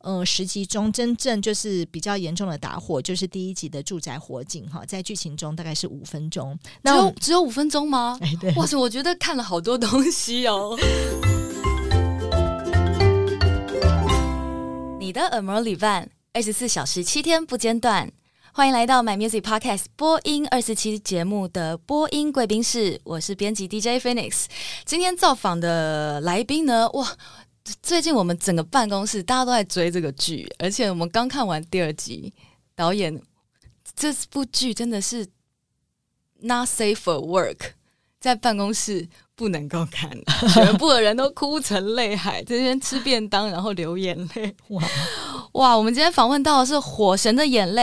呃，十集中真正就是比較嚴重的打火，就是第一集的住宅火警哈，在劇情中大概是五分鐘。只有只有五分鐘嗎？哎，對。哇塞我覺得看了好多東西哦。 你的耳膜旅伴二十四小時七天不間斷，歡迎來到 My Music Podcast 播音二四七節目的播音貴賓室，我是編輯 DJ Phoenix。今天造訪的來賓呢？哇。最近我們整個辦公室大家都在追這個劇，而且我們剛看完第二集，導演，這部劇真的是 not safe for work，在辦公室不能夠看，全部的人都哭成淚海， 這邊吃便當然後流眼淚，哇，哇我們今天訪問到的是《火神的眼淚》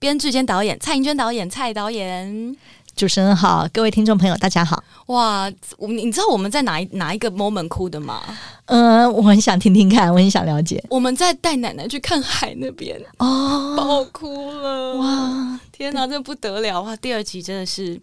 編劇兼導演蔡銀娟導演蔡導演。主持人好，各位聽眾朋友大家好。哇，我你知道我們在哪一哪一個 moment 哭的嗎？嗯、呃，我很想聽聽看，我很想了解。我們在帶奶奶去看海那邊哦，把我哭了。哇，天哪，這不得了啊！第二集真的是，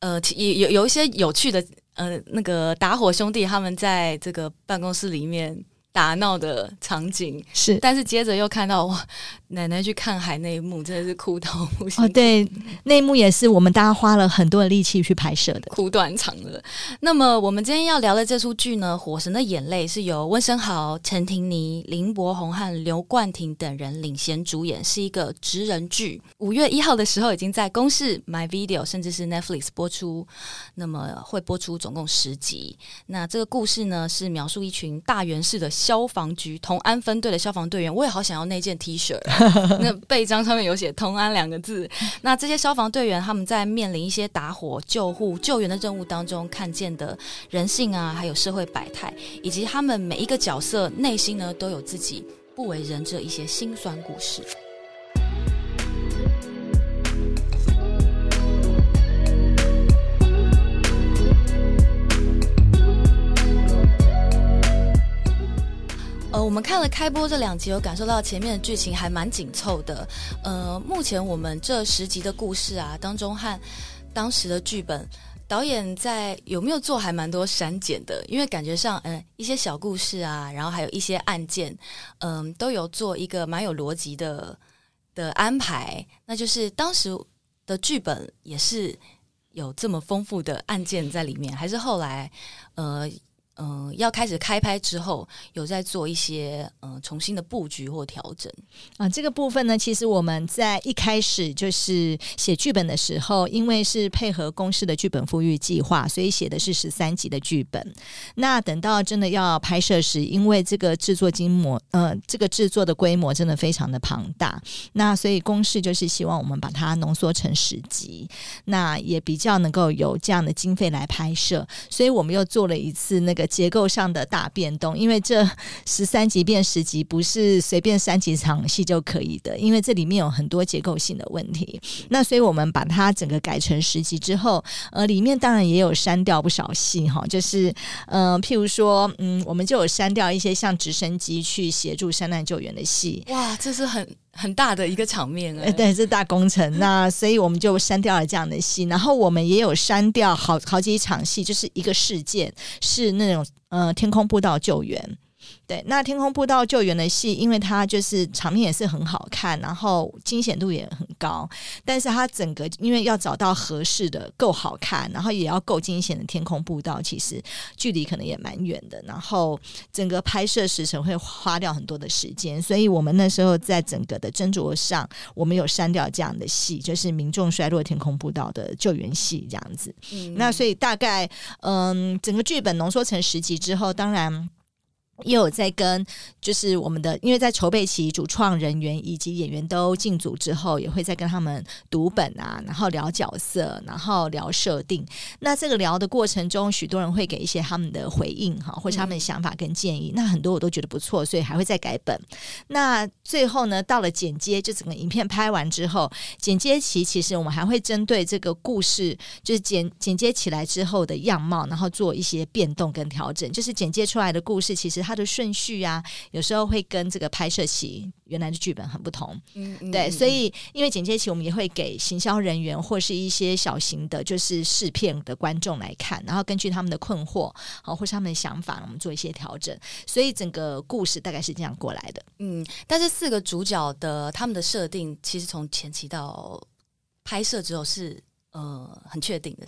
呃，有有一些有趣的，呃，那個打火兄弟他們在這個辦公室裡面。打鬧的場景是，但是接着又看到哇，奶奶去看海那一幕，真的是哭到不行。哦，對，那一幕也是我們大家花了很多的力氣去拍攝的，哭斷腸了。那麼，我們今天要聊的這出劇呢，《火神的眼淚》是由溫昇豪、陳庭妮、林柏宏和劉冠廷等人領銜主演，是一個職人劇。五月一號的時候已經在公視 My Video，甚至是 Netflix 播出。那麼會播出總共十集。那這個故事呢，是描述一群大元氏的消防局同安分隊的消防隊員，我也好想要那件 T 恤， 那背章上面有寫“同安”兩個字。那這些消防隊員他們在面臨一些打火、救護、救援的任務當中，看見的人性啊，還有社會百態，以及他們每一個角色內心呢，都有自己不為人知的一些辛酸故事。呃，我們看了開播這兩集，有感受到前面的劇情還蠻緊湊的。呃，目前我們這十集的故事啊，當中和當時的劇本導演在有沒有做還蠻多刪減的？因為感覺上，嗯、呃，一些小故事啊，然後還有一些案件，嗯、呃，都有做一個蠻有邏輯的的安排。那就是當時的劇本也是有這麼豐富的案件在裡面，還是後來呃。嗯、呃，要開始開拍之後，有在做一些嗯、呃、重新的布局或調整啊、呃。這個部分呢，其實我們在一開始就是寫劇本的時候，因為是配合公司的劇本賦予計劃，所以寫的是十三集的劇本。那等到真的要拍攝時，因為這個制作規模，呃，這個制作的規模真的非常的龐大，那所以公司就是希望我們把它濃縮成十集，那也比較能夠有這樣的經費來拍攝。所以我們又做了一次那個。結構上的大變動，因為這十三集變十集不是隨便刪幾場戲就可以的，因為這裡面有很多結構性的問題。那所以我們把它整個改成十集之後，呃，裡面當然也有刪掉不少戲哈、哦，就是呃，譬如說，嗯，我們就有刪掉一些像直升機去協助山難救援的戲。哇，這是很。很大的一個場面啊、欸，對，這大工程。那所以我們就刪掉了這樣的戲，然後我們也有刪掉好好幾場戲，就是一個事件，是那種，呃，天空步道救援。對，那天空步道救援的戲，因為它就是場面也是很好看，然後驚險度也很高，但是它整個因為要找到合適的夠好看，然後也要夠驚險的天空步道，其實距離可能也蠻遠的，然後整個拍攝時程會花掉很多的時間，所以我們那時候在整個的斟酌上，我們有刪掉這樣的戲，就是民眾摔落天空步道的救援戲這樣子。嗯。那所以大概嗯，整個劇本濃縮成十集之後，當然。也有在跟，就是我們的，因為在籌備期，主創人員以及演員都進組之後，也會在跟他們讀本啊，然後聊角色，然後聊設定。那這個聊的過程中，許多人會給一些他們的回應哈，或是他們的想法跟建議。嗯。那很多我都覺得不錯，所以還會再改本。那最後呢，到了剪接，就整個影片拍完之後，剪接期其實我們還會針對這個故事，就是剪剪接起來之後的樣貌，然後做一些變動跟調整。就是剪接出來的故事，其實。它的順序啊，有時候會跟這個拍攝期原來的劇本很不同，嗯，對，所以因為剪接期，我們也會給行銷人員或是一些小型的，就是試片的觀眾來看，然後根據他們的困惑啊，或是他們的想法，我們做一些調整。所以整個故事大概是這樣過來的，嗯。但是四個主角的他們的設定，其實從前期到拍攝之後是呃很確定的，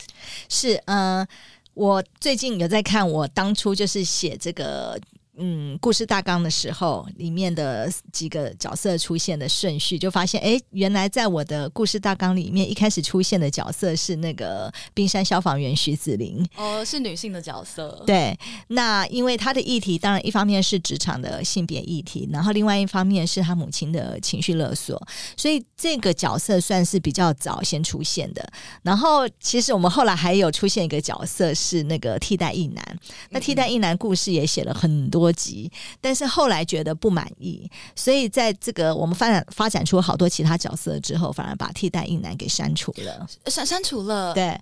是嗯、呃。我最近有在看，我當初就是寫這個。嗯，故事大綱的時候，裡面的幾個角色出現的順序，就發現，哎、欸，原來在我的故事大綱裡面，一開始出現的角色是那個冰山消防員徐子伶。哦，是女性的角色。對，那因為她的議題，當然一方面是職場的性別議題，然後另外一方面是她母親的情緒勒索，所以這個角色算是比較早先出現的。然後，其實我們後來還有出現一個角色是那個替代役男，那替代役男故事也寫了很多。急，但是後來覺得不滿意，所以在這個我們發展發展出好多其他角色之後，反而把替代役男給刪除了，刪刪除了，對。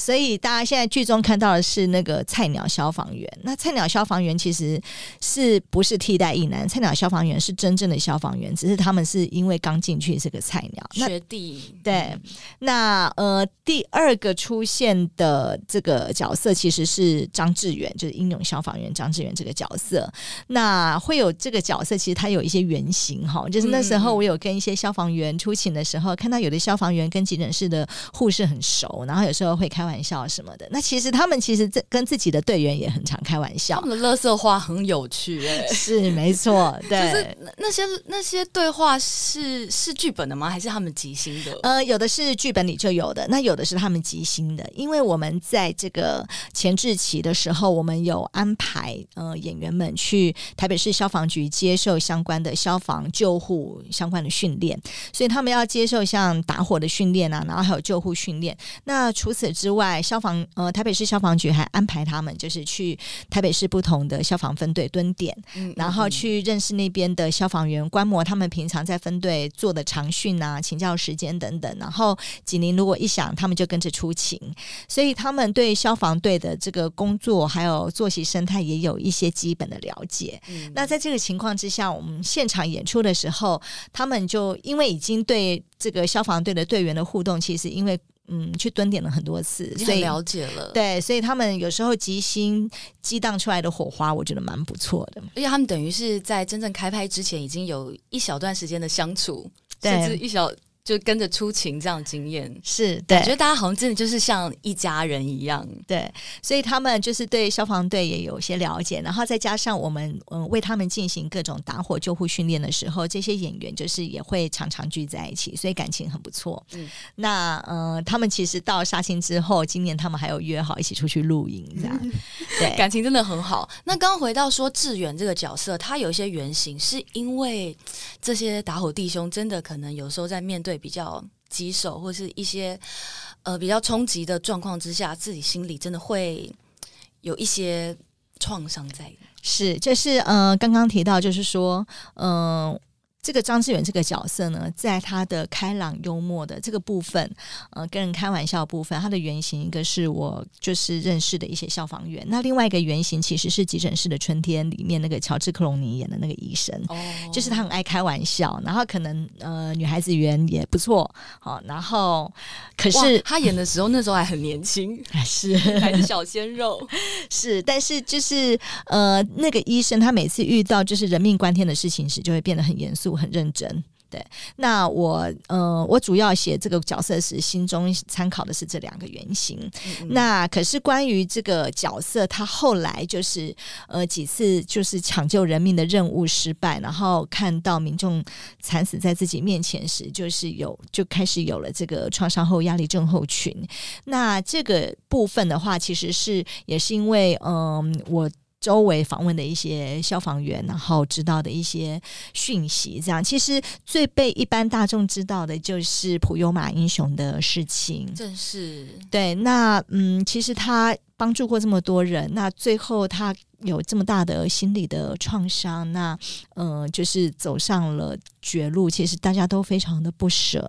所以大家現在劇中看到的是那個菜鳥消防員。那菜鳥消防員其實是不是替代役男？菜鳥消防員是真正的消防員，只是他們是因為剛進去這個菜鳥學弟。對。那呃，第二個出現的這個角色其實是張志遠，就是英勇消防員張志遠這個角色。那會有這個角色，其實他有一些原型哈，就是那時候我有跟一些消防員出勤的時候，嗯、看到有的消防員跟急診室的護士很熟，然後有時候會開。玩笑什麼的，那其實他們其實這跟自己的隊員也很常開玩笑。他們的垃圾話很有趣。欸，是沒錯。對 就是那，那些那些對話是是劇本的嗎？還是他們即興的？呃，有的是劇本裡就有的，那有的是他們即興的。因為我們在這個前置期的時候，我們有安排呃演員們去台北市消防局接受相關的消防救護相關的訓練，所以他們要接受像打火的訓練啊，然後還有救護訓練。那除此之外，外消防呃，台北市消防局還安排他們就是去台北市不同的消防分隊蹲點，嗯嗯、然後去認識那邊的消防員，觀摩他們平常在分隊做的常訓啊、請教時間等等。然後警鈴如果一響，他們就跟着出勤，所以他們對消防隊的這個工作還有作息生態也有一些基本的了解。嗯、那在這個情況之下，我們現場演出的時候，他們就因為已經對這個消防隊的隊員的互動，其實因為。嗯，去蹲點了很多次，所以了解了。對，所以他們有時候即興激盪出來的火花，我覺得蠻不錯的。而且他們等於是，在真正開拍之前，已經有一小段時間的相處，對，甚至一小。就跟着出勤這樣經驗是。對，我覺得大家好像真的就是像一家人一樣，對，所以他們就是對消防隊也有些了解，然後再加上我們嗯、呃、為他們進行各種打火救護訓練的時候，這些演員就是也會常常聚在一起，所以感情很不錯。嗯，那嗯、呃，他們其實到殺青之後，今年他們還有約好一起出去露營這樣，嗯，對，感情真的很好。那剛回到說志遠這個角色，他有一些原型是因為這些打火弟兄真的可能有時候在面對。比較棘手，或者是一些呃比較衝擊的狀況之下，自己心裡真的會有一些創傷在。是，就是嗯，剛、呃、剛剛提到，就是說，嗯、呃。這個張志遠這個角色呢，在他的開朗幽默的這個部分，呃，跟人開玩笑部分，他的原型一個是我就是認識的一些消防員，那另外一個原型其實是《急診室的春天》裡面那個喬治·克隆尼演的那個醫生，哦，就是他很愛開玩笑，然後可能呃女孩子緣也不錯，好，哦，然後可是 他演的時候那時候還很年輕，還是還是 小鮮肉，是，但是就是呃那個醫生他每次遇到就是人命關天的事情時，就會變得很嚴肅。我很認真，對，那我，呃，我主要寫這個角色時，心中參考的是這兩個原型。嗯嗯，那可是關於這個角色，他後來就是，呃，幾次就是搶救人命的任務失敗，然後看到民眾慘死在自己面前時，就是有就開始有了這個創傷後壓力症候群。那這個部分的話，其實是也是因為，嗯、呃，我。周圍訪問的一些消防員，然後知道的一些訊息，這樣其實最被一般大眾知道的就是普悠馬英雄的事情。正是對，那嗯，其實他幫助過這麼多人，那最後他有這麼大的心理的創傷，那嗯、呃，就是走上了絕路。其實大家都非常的不捨。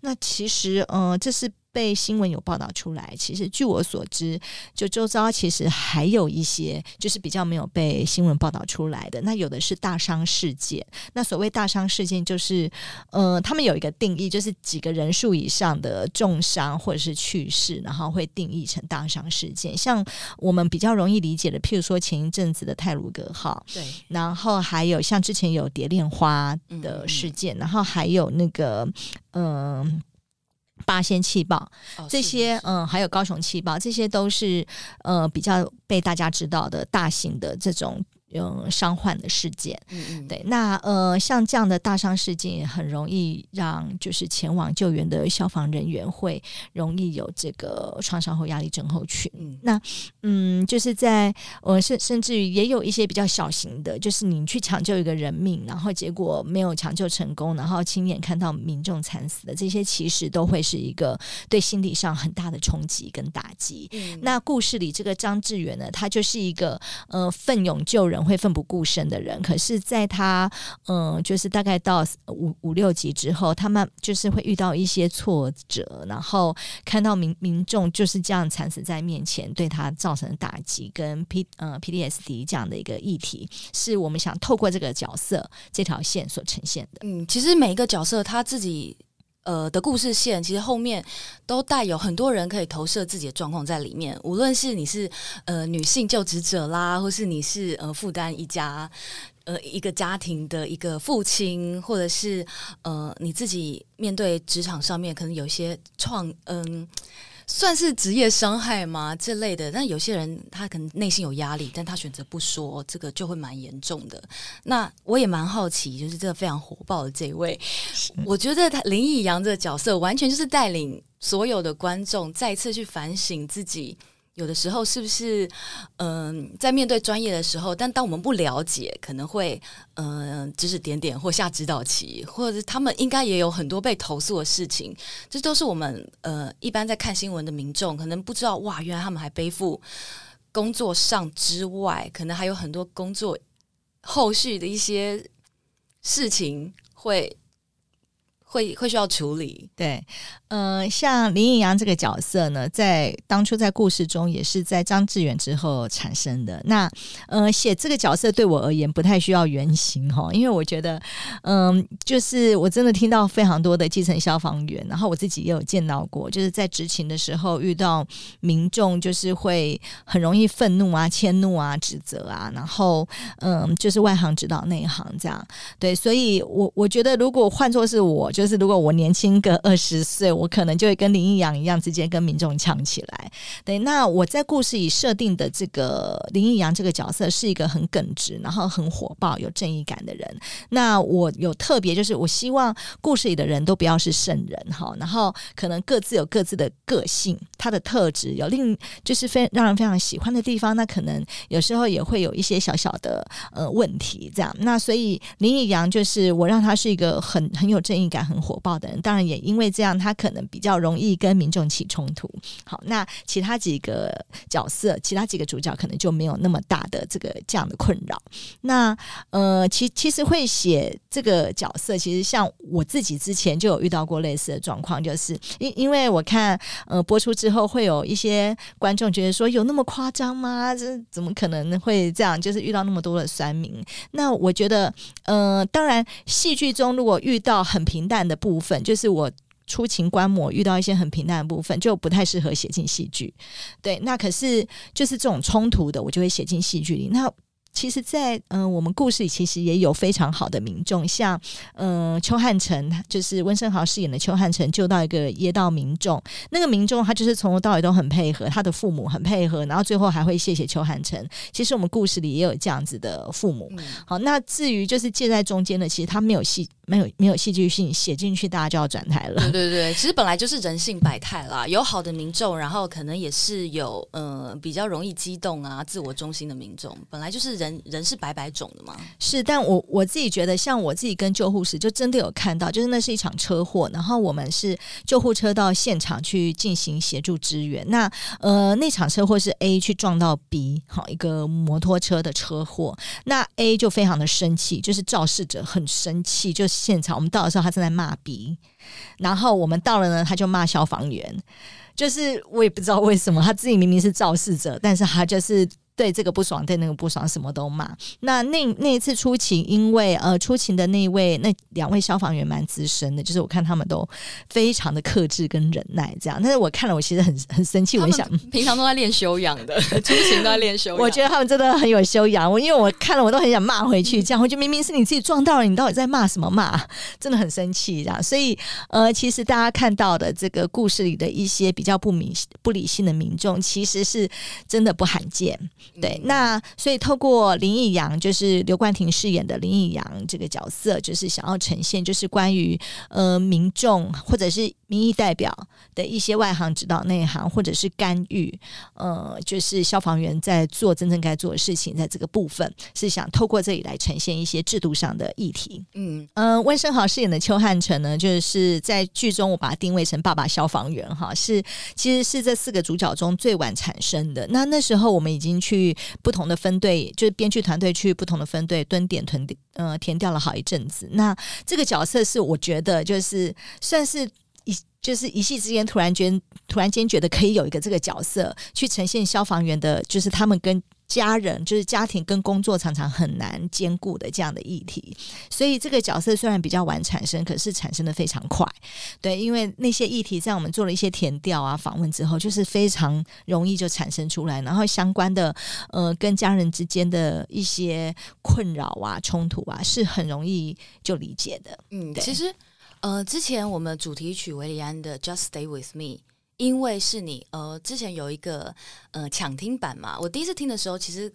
那其實嗯、呃，這是。被新聞有報道出來，其實據我所知，就周遭其實還有一些就是比較沒有被新聞報道出來的。那有的是大傷事件，那所謂大傷事件就是，呃，他們有一個定義，就是幾個人數以上的重傷或者是去世，然後會定義成大傷事件。像我們比較容易理解的，譬如說前一陣子的太魯閣號，對，然後還有像之前有蝶戀花的事件嗯嗯嗯，然後還有那個，嗯、呃。八仙氣爆這些嗯、哦呃，還有高雄氣爆這些都是呃比較被大家知道的大型的這種。嗯，傷患的事件，嗯嗯對，那呃，像這樣的大傷事件，也很容易讓就是前往救援的消防人員會容易有這個創傷後壓力症候群、嗯。那嗯，就是在我、呃、甚甚至於也有一些比較小型的，就是你去搶救一個人命，然後結果沒有搶救成功，然後親眼看到民眾慘死的這些，其實都會是一個對心理上很大的衝擊跟打擊、嗯嗯。那故事裡這個張志遠呢，他就是一個呃，奮勇救人。會奮不顧身的人，可是，在他嗯，就是大概到五五六集之後，他們就是會遇到一些挫折，然後看到民民眾就是這樣慘死在面前，對他造成的打擊跟 P 嗯、呃、PTSD 這樣的一個議題，是我們想透過這個角色這條線所呈現的。嗯，其實每一個角色他自己。呃，的故事線其實後面都帶有很多人可以投射自己的狀況在裡面。無論是你是呃女性就職者啦，或是你是呃負擔一家呃一個家庭的一個父親，或者是呃你自己面對職場上面可能有一些創嗯。算是職業傷害嗎？這類的，但有些人他可能內心有壓力，但他選擇不說，這個就會蠻嚴重的。那我也蠻好奇，就是這個非常火爆的這一位，我覺得他林義陽這個角色完全就是帶領所有的觀眾再次去反省自己。有的時候是不是，嗯、呃，在面對專業的時候，但當我們不了解，可能會嗯、呃，指指點點或下指導棋，或者他們應該也有很多被投訴的事情，這都是我們呃一般在看新聞的民眾可能不知道，哇，原來他們還背負工作上之外，可能還有很多工作後續的一些事情會。會會需要處理，對，嗯、呃，像林義陽這個角色呢，在當初在故事中也是在張志遠之後產生的。那，呃，寫這個角色對我而言不太需要原型哈、哦，因為我覺得，嗯、呃，就是我真的聽到非常多的基層消防員，然後我自己也有見到過，就是在執勤的時候遇到民眾，就是會很容易憤怒啊、遷怒啊、指責啊，然後，嗯、呃，就是外行指導內行這樣。對，所以我我覺得如果換作是我就就是如果我年輕個二十歲，我可能就會跟林義陽一樣，直接跟民眾嗆起來。對，那我在故事裡設定的這個林義陽這個角色是一個很耿直，然後很火爆、有正義感的人。那我有特別就是，我希望故事裡的人都不要是聖人哈，然後可能各自有各自的個性，他的特質有另就是非讓人非常喜歡的地方，那可能有時候也會有一些小小的呃問題這樣。那所以林義陽就是我讓他是一個很很有正義感火爆的人，當然也因為這樣，他可能比較容易跟民眾起衝突。好，那其他幾個角色，其他幾個主角可能就沒有那麼大的這個這樣的困擾。那呃，其其實會寫這個角色，其實像我自己之前就有遇到過類似的狀況，就是因因為我看呃播出之後，會有一些觀眾覺得說，有那麼誇張嗎？這怎麼可能會這樣？就是遇到那麼多的酸民？那我覺得，呃，當然，戲劇中如果遇到很平淡的。的部分就是我出勤觀摩遇到一些很平淡的部分，就不太適合寫進戲劇。對，那可是就是這種衝突的，我就會寫進戲劇裡。那。其實在，在、呃、嗯，我們故事裡其實也有非常好的民眾，像嗯、呃，邱漢成就是溫昇豪飾演的邱漢成救到一個噎到民眾，那個民眾他就是從頭到尾都很配合，他的父母很配合，然後最後還會謝謝邱漢成，其實我們故事裡也有這樣子的父母。嗯、好，那至於就是介在中間的，其實他沒有戲，沒有沒有戲劇性寫進去，大家就要轉台了。對對對，其實本來就是人性百態啦，有好的民眾，然後可能也是有嗯、呃、比較容易激動啊、自我中心的民眾，本來就是人。人，人是白白腫的嗎？是，但我我自己覺得，像我自己跟救護班，就真的有看到，就是那是一場車禍，然後我們是救護車到現場去進行協助支援。那呃，那場車禍是 A 去撞到 B，好一個摩托車的車禍。那 A 就非常的生氣，就是肇事者很生氣，就是現場我們到的時候，他正在罵 B，然後我們到了呢，他就罵消防員，就是我也不知道為什麼，他自己明明是肇事者，但是他就是。對這個不爽，對那個不爽，什麼都罵。那那那一次出勤，因為呃出勤的那位、那兩位消防員蠻資深的，就是我看他們都非常的克制跟忍耐，這樣。但是我看了，我其實很很生氣，我想平常都在練修養的 出勤都在練修養， 我覺得他們真的很有修養。我因為我看了，我都很想罵回去，這樣 我覺得明明是你自己撞到了，你到底在罵什麼罵啊？真的很生氣，這樣。所以呃，其實大家看到的這個故事裡的一些比較不明不理性的民眾，其實是真的不罕見。嗯、對，那所以透過林義陽，就是劉冠廷飾演的林義陽這個角色，就是想要呈現就是關於呃民眾或者是民意代表的一些外行指導內行，或者是干預，呃，就是消防員在做真正該做的事情，在這個部分是想透過這裡來呈現一些制度上的議題。嗯嗯，呃、溫昇豪飾演的邱漢成呢，就是在劇中我把他定位成爸爸消防員哈，是其實是這四個主角中最晚產生的。那那時候我們已經去。去不同的分隊，就是編劇團隊去不同的分隊蹲點、屯、呃，嗯填掉了好一陣子。那這個角色是我覺得就是算是一就是一夕之間，突然間突然間覺得可以有一個這個角色去呈現消防員的，就是他們跟家人就是家庭跟工作常常很難兼顧的這樣的議題，所以這個角色雖然比較晚產生，可是產生的非常快。對，因為那些議題在我們做了一些田調啊、訪問之後，就是非常容易就產生出來，然後相關的呃跟家人之間的一些困擾啊、衝突啊，是很容易就理解的。嗯，對，其實呃，之前我們主題曲韋禮安的《Just Stay With Me》。因為是你，呃，之前有一個呃搶聽版嘛。我第一次聽的時候，其實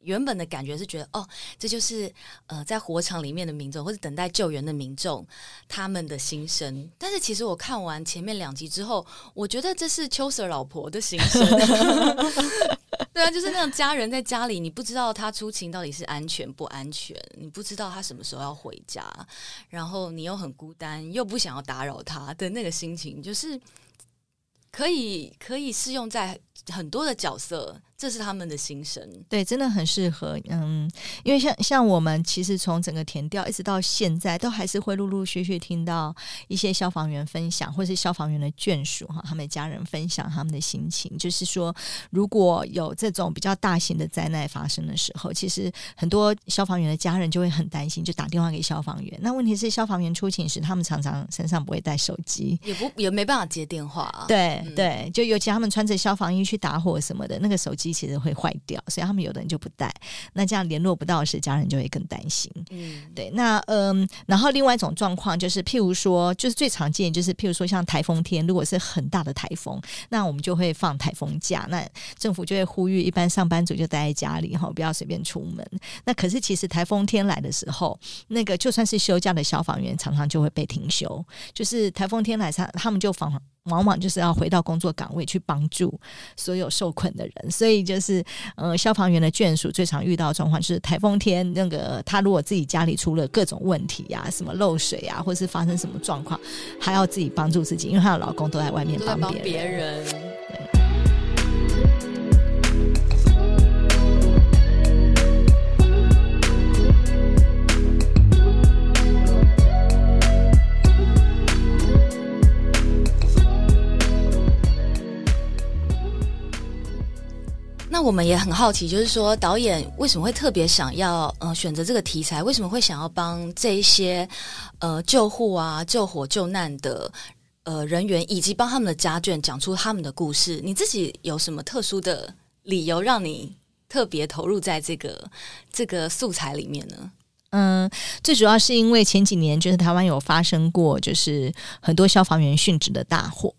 原本的感覺是覺得，哦，這就是呃在火場裡面的民眾或者等待救援的民眾他們的心聲。但是其實我看完前面兩集之後，我覺得這是邱 Sir 老婆的心聲。 對啊，就是那種家人在家裡，你不知道他出勤到底是安全不安全，你不知道他什麼時候要回家，然後你又很孤單，又不想要打擾他的那個心情，就是。可以可以適用在很多的角色。這是他們的心聲，對，真的很適合。嗯，因為像像我們其實從整個田調一直到現在，都還是會陸陸續續聽到一些消防員分享，或是消防員的眷屬哈，他們家人分享他們的心情。就是說，如果有這種比較大型的災難發生的時候，其實很多消防員的家人就會很擔心，就打電話給消防員。那問題是，消防員出勤時，他們常常身上不會帶手機，也不也沒辦法接電話啊。對對，嗯，就尤其他們穿着消防衣去打火什麼的，那個手機。其實會壞掉，所以他們有的人就不帶。那這樣聯絡不到時，家人就會更擔心。嗯，對。那嗯，然後另外一種狀況就是，譬如說，就是最常見，就是譬如說像台風天，如果是很大的台風，那我們就會放台風假，那政府就會呼籲一般上班族就待在家裡吼，不要隨便出門。那可是其實台風天來的時候，那個就算是休假的消防員，常常就會被停休。就是台風天來，他他們就防。往往就是要回到工作崗位去幫助所有受困的人，所以就是，呃，消防員的眷屬最常遇到的狀況是台風天，那個他如果自己家裡出了各種問題呀、啊，什麼漏水啊，或是發生什麼狀況，還要自己幫助自己，因為她的老公都在外面幫別人。我們也很好奇，就是說導演為什麼會特別想要呃選擇這個題材？為什麼會想要幫這一些呃救護啊、救火、救難的呃人員，以及幫他們的家眷講出他們的故事？你自己有什麼特殊的理由讓你特別投入在這個這個素材裡面呢？嗯，最主要是因為前幾年就是台灣有發生過，就是很多消防員殉職的大火。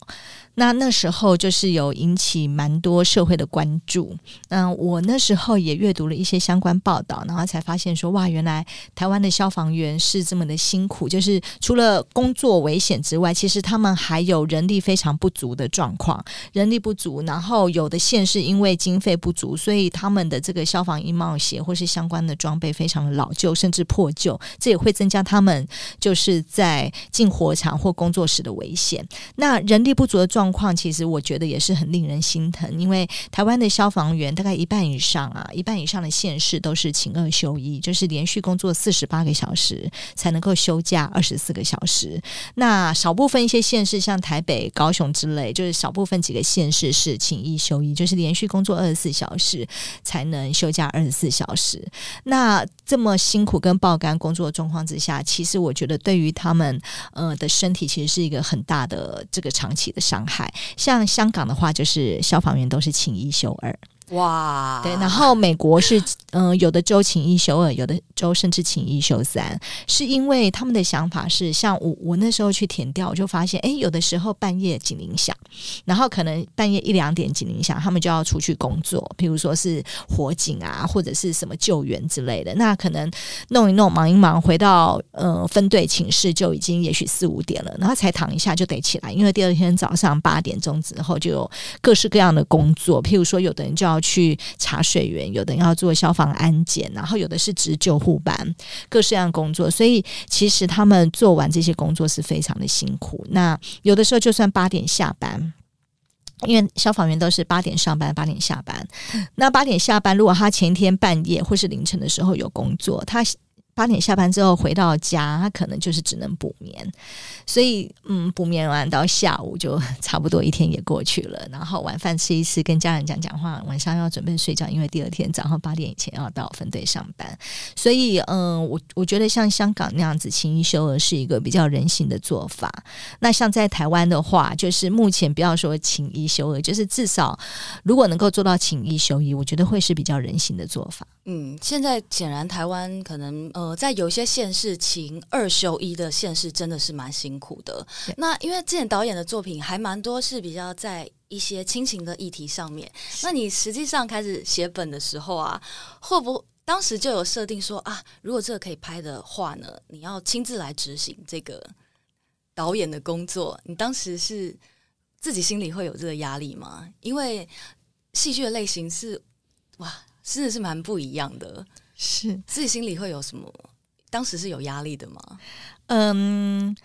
那那時候就是有引起蠻多社會的關注。那我那時候也閱讀了一些相關報道，然後才發現說，哇，原來台灣的消防員是這麼的辛苦。就是除了工作危險之外，其實他們還有人力非常不足的狀況。人力不足，然後有的縣是因為經費不足，所以他們的這個消防衣帽鞋或是相關的裝備非常老舊，甚至破舊，這也會增加他們就是在進火場或工作時的危險。那人力不足的狀況狀況其實我覺得也是很令人心疼，因為台灣的消防員大概一半以上啊，一半以上的縣市都是勤二休一，就是連續工作四十八個小時才能夠休假二十四個小時。那少部分一些縣市，像台北、高雄之類，就是少部分幾個縣市是勤一休一，就是連續工作二十四小時才能休假二十四小時。那這麼辛苦跟爆肝工作狀況之下，其實我覺得對於他們呃的身體，其實是一個很大的這個長期的傷害。像香港的話，就是消防員都是勤一休二。哇，對，然後美國是嗯、呃，有的州請一休二，有的州甚至請一休三，是因為他們的想法是，像我我那時候去田調，我就發現，哎，有的時候半夜警鈴響，然後可能半夜一兩點警鈴響，他們就要出去工作，譬如說是火警啊，或者是什麼救援之類的，那可能弄一弄忙一忙，回到呃分隊寢室就已經也許四五點了，然後才躺一下就得起來，因為第二天早上八點鐘之後就有各式各樣的工作，譬如說有的人就要。要去查水源，有的要做消防安檢，然後有的是值救護班，各式樣工作。所以其實他們做完這些工作是非常的辛苦。那有的時候就算八點下班，因為消防員都是八點上班，八點下班。那八點下班，如果他前一天半夜或是凌晨的時候有工作，他。八點下班之後回到家，他可能就是只能補眠，所以嗯，補眠完到下午就差不多一天也過去了。然後晚飯吃一次，跟家人講講話，晚上要準備睡覺，因為第二天早上八點以前要到分隊上班。所以嗯，我我覺得像香港那樣子，勤一休二是一個比較人性的做法。那像在台灣的話，就是目前不要說勤一休二，就是至少如果能夠做到勤一休一，我覺得會是比較人性的做法。嗯，現在顯然台灣可能呃，在有些縣市，勤二休一的縣市真的是蠻辛苦的。那因為之前導演的作品還蠻多，是比較在一些親情的議題上面。那你實際上開始寫本的時候啊，會不會當時就有設定說啊，如果這個可以拍的話呢，你要親自來執行這個導演的工作。你當時是自己心裡會有這個壓力嗎？因為戲劇的類型是哇。真的是蠻不一樣的，是自己心裡會有什麼？當時是有壓力的嗎？嗯。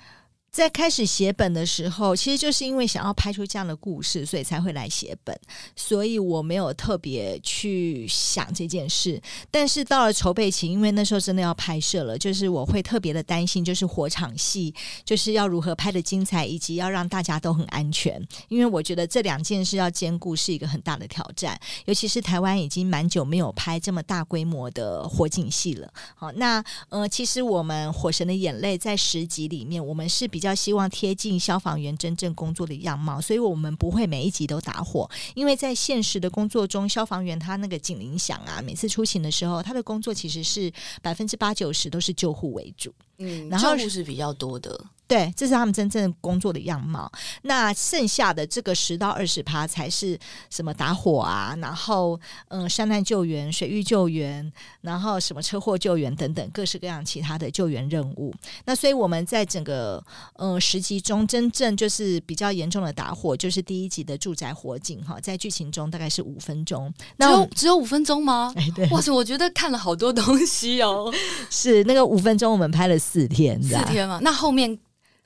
在開始寫本的時候，其實就是因為想要拍出這樣的故事，所以才會來寫本。所以我沒有特別去想這件事。但是到了籌備期，因為那時候真的要拍攝了，就是我會特別的擔心，就是火場戲就是要如何拍得精彩，以及要讓大家都很安全。因為我覺得這兩件事要兼顧是一個很大的挑戰。尤其是台灣已經蠻久沒有拍這麼大規模的火警戲了。好，那呃，其實我們《火神的眼淚》在十集裡面，我們是比比較希望貼近消防員真正工作的樣貌，所以我們不會每一集都打火，因為在現實的工作中，消防員他那個警鈴響啊，每次出勤的時候，他的工作其實是百分之八九十都是救護為主，嗯，然後就是，救護是比較多的。對，這是他們真正工作的樣貌。那剩下的這個十到二十趴才是什麼打火啊，然後嗯，山難救援、水域救援，然後什麼車禍救援等等，各式各樣其他的救援任務。那所以我們在整個嗯、呃、十集中，真正就是比較嚴重的打火，就是第一集的住宅火警哈，在劇情中大概是五分鐘。那只有只有五分鐘嗎？哎，對。哇塞，我覺得看了好多東西哦。 是那個五分鐘，我們拍了四天，四天嘛。那後面。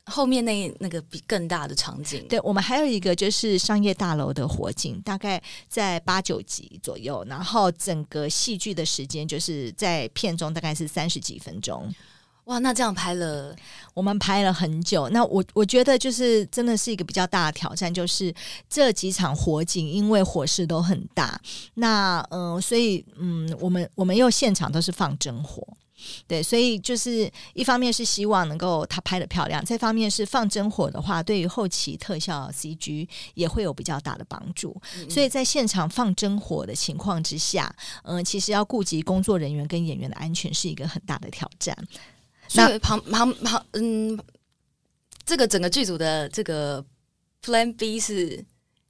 後面那那個比更大的場景，對，我們還有一個就是商業大樓的火警，大概在八九集左右，然後整個戲劇的時間就是在片中大概是三十幾分鐘。哇，那這樣拍了，我們拍了很久。那我我覺得就是真的是一個比較大的挑戰，就是這幾場火警因為火勢都很大，那嗯、呃，所以嗯，我們我們又現場都是放真火。對，所以就是一方面是希望能夠他拍得漂亮，再方面是放真火的話，對於後期特效 CG 也會有比較大的幫助。嗯嗯，所以在現場放真火的情況之下，嗯、呃，其實要顧及工作人員跟演員的安全是一個很大的挑戰。那所以旁旁旁，嗯，這個整個劇組的這個 Plan B 是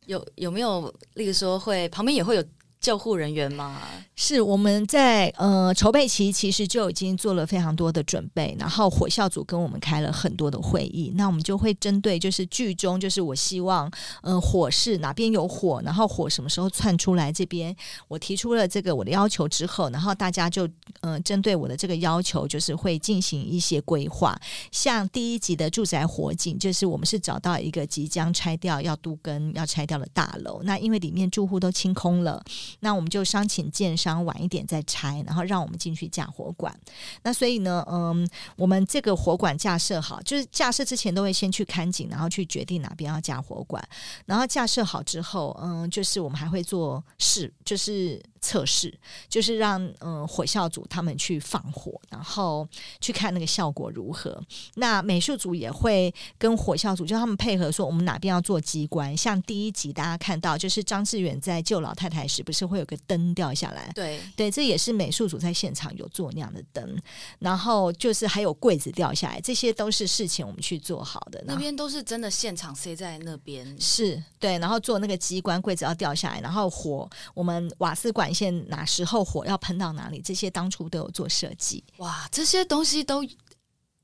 有有沒有，例如說會旁邊也會有。救護人員嗎？是我們在呃籌備期，其實就已經做了非常多的準備。然後火效組跟我們開了很多的會議。那我們就會針對就是劇中就是我希望呃火勢哪邊有火，然後火什麼時候竄出來，這邊我提出了這個我的要求之後，然後大家就嗯針對我的這個要求，就是會進行一些規劃。像第一集的住宅火警，就是我們是找到一個即將拆掉要都更要拆掉的大樓，那因為裡面住戶都清空了。那我們就商請建商晚一點再拆，然後讓我們進去架火管。那所以呢，嗯，我們這個火管架設好，就是架設之前都會先去勘景，然後去決定哪邊要架火管。然後架設好之後，嗯，就是我們還會做試，就是測試，就是讓嗯火效組他們去放火，然後去看那個效果如何。那美術組也會跟火效組就他們配合，說我們哪邊要做機關。像第一集大家看到，就是張志遠在救老太太時，是不是。是會有個燈掉下來，對對，這也是美術組在現場有做那樣的燈，然後就是還有櫃子掉下來，這些都是事前我們去做好的。那邊都是真的現場塞在那邊，是對，然後做那個機關櫃子要掉下來，然後火，我們瓦斯管線哪時候火要噴到哪裡，這些當初都有做設計。哇，這些東西都。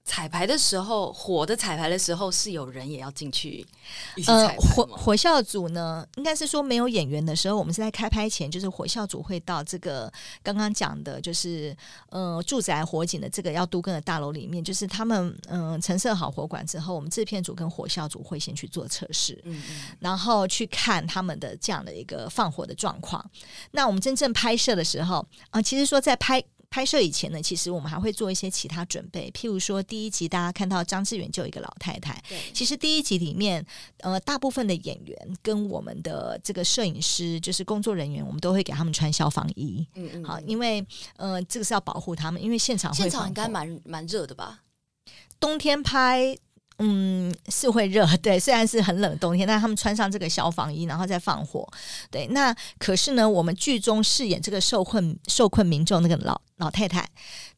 彩排的時候，火的彩排的時候是有人也要進去，呃，火火效組呢，應該是說沒有演員的時候，我們是在開拍前，就是火效組會到這個剛剛講的，就是呃住宅火警的這個要都更的大樓裡面，就是他們嗯，陳、呃、設好火管之後，我們制片組跟火效組會先去做測試、嗯嗯，然後去看他們的這樣的一個放火的狀況。那我們真正拍攝的時候啊、呃，其實說在拍。拍攝以前呢，其實我們還會做一些其他準備，譬如說第一集大家看到張志遠就有一個老太太，對，其實第一集裡面，呃，大部分的演員跟我們的這個攝影師，就是工作人員，我們都會給他們穿消防衣，嗯嗯，嗯，好，因為呃，這個是要保護他們，因為現場會現場應該蠻蠻熱的吧，冬天拍。嗯，是會熱，對，雖然是很冷的冬天，但是他們穿上這個消防衣，然後再放火，對。那可是呢，我們劇中飾演這個受困受困民眾那個老老太太，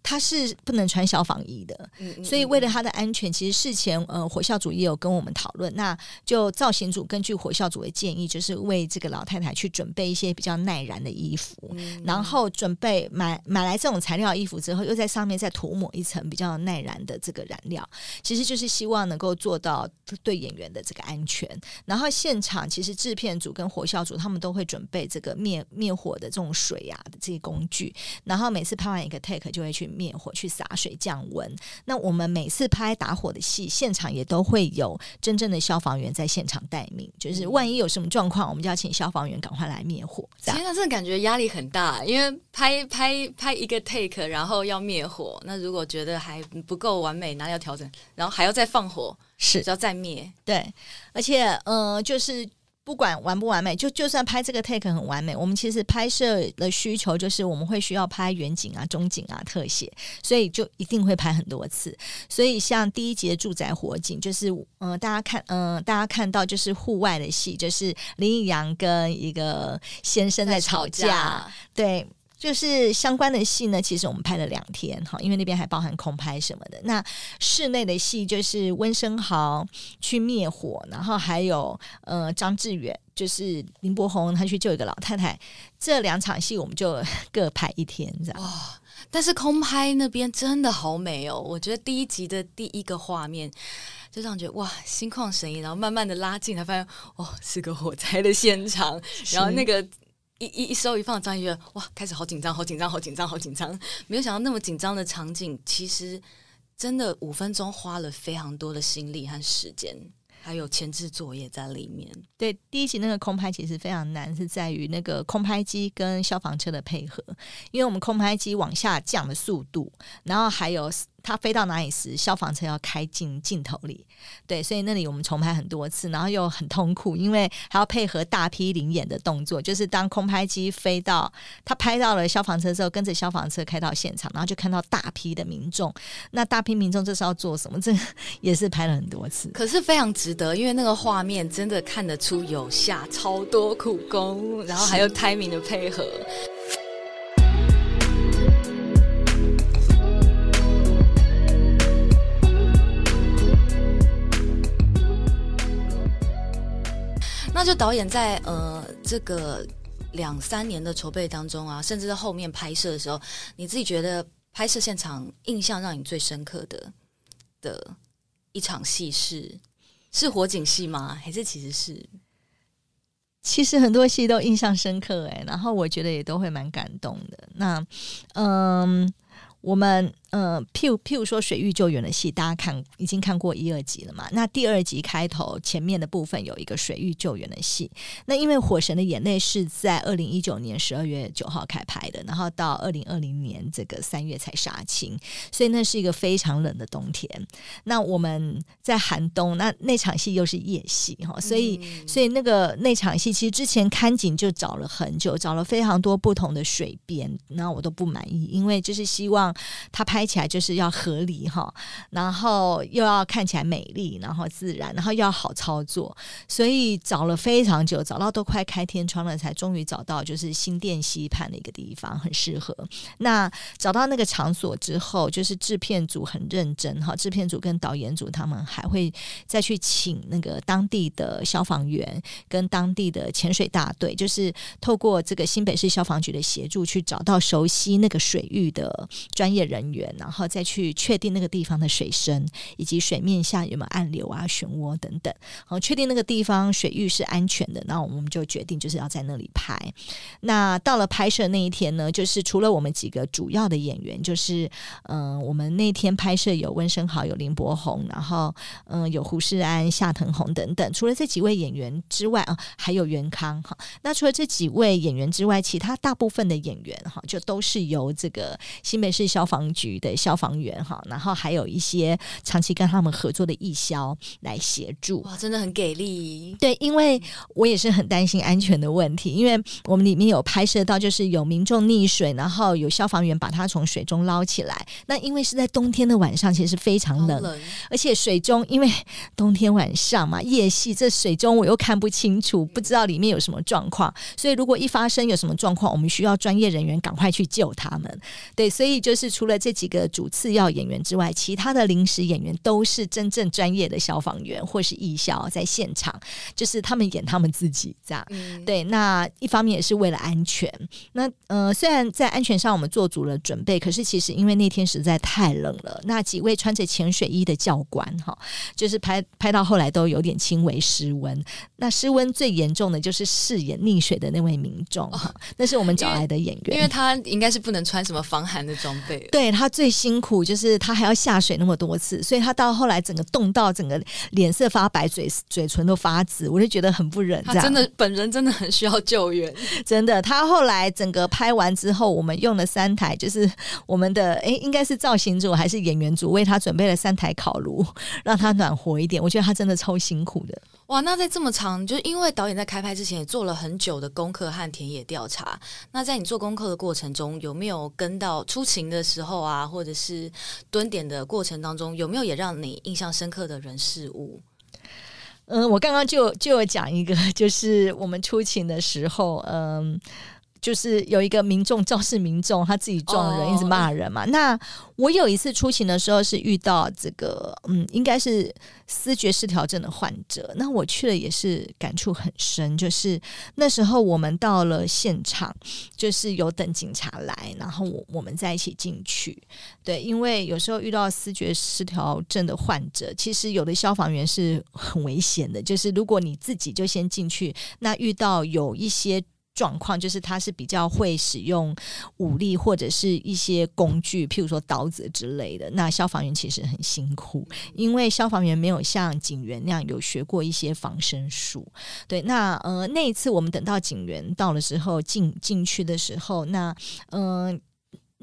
她是不能穿消防衣的，嗯嗯嗯，所以為了她的安全，其實事前呃，火效組也有跟我們討論，那就造型組根據火效組的建議，就是為這個老太太去準備一些比較耐燃的衣服，嗯嗯，然後準備買買來這種材料的衣服之後，又在上面再塗抹一層比較耐燃的這個燃料，其實就是希望呢。能夠做到對演員的這個安全，然後現場其實制片組跟火效組他們都會準備這個滅滅火的這種水呀、啊、這些工具，然後每次拍完一個 take 就會去滅火去灑水降溫。那我們每次拍打火的戲，現場也都會有真正的消防員在現場待命，就是萬一有什麼狀況，嗯、我們就要請消防員趕快來滅火。其實真的感覺壓力很大，因為拍拍拍一個 take，然後要滅火，那如果覺得還不夠完美，哪裡要調整，然後還要再放火。是，叫再滅。對，而且，嗯、呃，就是不管完不完美，就就算拍這個 take 很完美，我們其實拍攝的需求就是我們會需要拍遠景啊、中景啊、特寫，所以就一定會拍很多次。所以像第一集的住宅火警，就是嗯、呃，大家看，嗯、呃，大家看到就是戶外的戲，就是林義陽跟一個先生在吵架，吵架對。就是相關的戲呢，其實我們拍了兩天哈，因為那邊還包含空拍什麼的。那室內的戲就是溫昇豪去滅火，然後還有呃張志遠就是林柏宏他去救一個老太太，這兩場戲我們就各拍一天這樣。哇、哦！但是空拍那邊真的好美哦，我覺得第一集的第一個畫面就這樣覺得哇，心曠神怡，然後慢慢的拉近了，發現哦是個火災的現場，然後那個。一一一收一放，張一月哇，開始好緊張，好緊張，好緊張，好緊張！沒有想到那麼緊張的場景，其實真的五分鐘花了非常多的心力和時間，還有前置作業在裡面。對，第一集那個空拍其實非常難，是在於那個空拍機跟消防車的配合，因為我們空拍機往下降的速度，然後還有。他飛到哪裡時，消防車要開進鏡頭裡，對，所以那裡我們重拍很多次，然後又很痛苦，因為還要配合大批臨演的動作。就是當空拍機飛到，他拍到了消防車之後，跟着消防車開到現場，然後就看到大批的民眾。那大批民眾這是要做什麼？這也是拍了很多次，可是非常值得，因為那個畫面真的看得出有下超多苦功，然後還有 timing 的配合。 那就導演在呃這個兩三年的籌備當中啊，甚至是後面拍攝的時候，你自己覺得拍攝現場印象讓你最深刻的的一場戲是是火警戲嗎？還是其實是其實很多戲都印象深刻哎、欸，然後我覺得也都會蠻感動的。那嗯，我們。呃，譬如譬如說水域救援的戲，大家看已經看過一、二集了嘛。那第二集開頭前面的部分有一個水域救援的戲。那因為《火神的眼淚》是在二零一九年十二月九號開拍的，然後到二零二零年這個三月才殺青，所以那是一個非常冷的冬天。那我們在寒冬，那那場戲又是夜戲哈，所以、嗯、所以那個那場戲其實之前看景就找了很久，找了非常多不同的水邊，那我都不滿意，因為就是希望他拍起來就是要合理哈，然後又要看起來美麗，然後自然，然後又要好操作，所以找了非常久，找到都快開天窗了，才終於找到就是新店溪畔的一個地方，很適合。那找到那個場所之後，就是制片組很認真哈，制片組跟導演組他們還會再去請那個當地的消防員跟當地的潛水大隊，就是透過這個新北市消防局的協助，去找到熟悉那個水域的專業人員。然後再去確定那個地方的水深，以及水面下有沒有暗流、啊，漩渦等等。好，確定那個地方水域是安全的，那我們就決定就是要在那裡拍。那到了拍攝那一天呢，就是除了我們幾個主要的演員，就是嗯、呃，我們那天拍攝有溫昇豪、有林柏宏，然後嗯、呃，有胡釋安、夏騰宏等等。除了這幾位演員之外啊、哦，還有元康哈。那除了這幾位演員之外，其他大部分的演員哈，就都是由這個新北市消防局的消防員哈，然後還有一些長期跟他們合作的義消來協助。哇，真的很給力！對，因為我也是很擔心安全的問題，因為我們裡面有拍攝到，就是有民眾溺水，然後有消防員把他從水中撈起來。那因為是在冬天的晚上，其實是非常冷，超冷，而且水中因為冬天晚上嘛，夜戲這水中我又看不清楚，不知道裡面有什麼狀況。所以如果一發生有什麼狀況，我們需要專業人員趕快去救他們。對，所以就是除了這一個主次要演員之外，其他的臨時演員都是真正專業的消防員或是義消在現場，就是他們演他們自己這樣、嗯。對，那一方面也是為了安全。那呃，雖然在安全上我們做足了準備，可是其實因為那天實在太冷了，那幾位穿着潛水衣的教官哈，就是拍拍到後來都有點輕微失溫。那失溫最嚴重的就是飾演溺水的那位民眾，哦，那是我們找來的演員，因為，因為他應該是不能穿什麼防寒的裝備，對他。最辛苦就是他還要下水那麼多次，所以他到後來整個凍到整個臉色發白，嘴嘴唇都發紫，我就覺得很不忍這樣。他真的本人真的很需要救援，真的。他後來整個拍完之後，我們用了三台，就是我們的誒、欸，應該是造型組還是演員組為他準備了三台烤爐，讓他暖和一點。我覺得他真的超辛苦的。哇，那在這麼長，就是因為導演在開拍之前也做了很久的功課和田野調查。那在你做功課的過程中，有沒有跟到出勤的時候啊，或者是蹲點的過程當中，有沒有也讓你印象深刻的人事物？嗯，我剛剛就就講一個，就是我們出勤的時候，嗯。就是有一個民眾肇事，民眾他自己撞人，oh. 一直罵人嘛。那我有一次出勤的時候是遇到這個，嗯，應該是思覺失調症的患者。那我去了也是感觸很深，就是那時候我們到了現場，就是有等警察來，然後我我們在一起進去。對，因為有時候遇到思覺失調症的患者，其實有的消防員是很危險的，就是如果你自己就先進去，那遇到有一些。狀況就是他是比較會使用武力或者是一些工具，譬如說刀子之類的。那消防員其實很辛苦，因為消防員沒有像警員那樣有學過一些防身術。對，那呃，那一次我們等到警員到了之後進進去的時候，那嗯。呃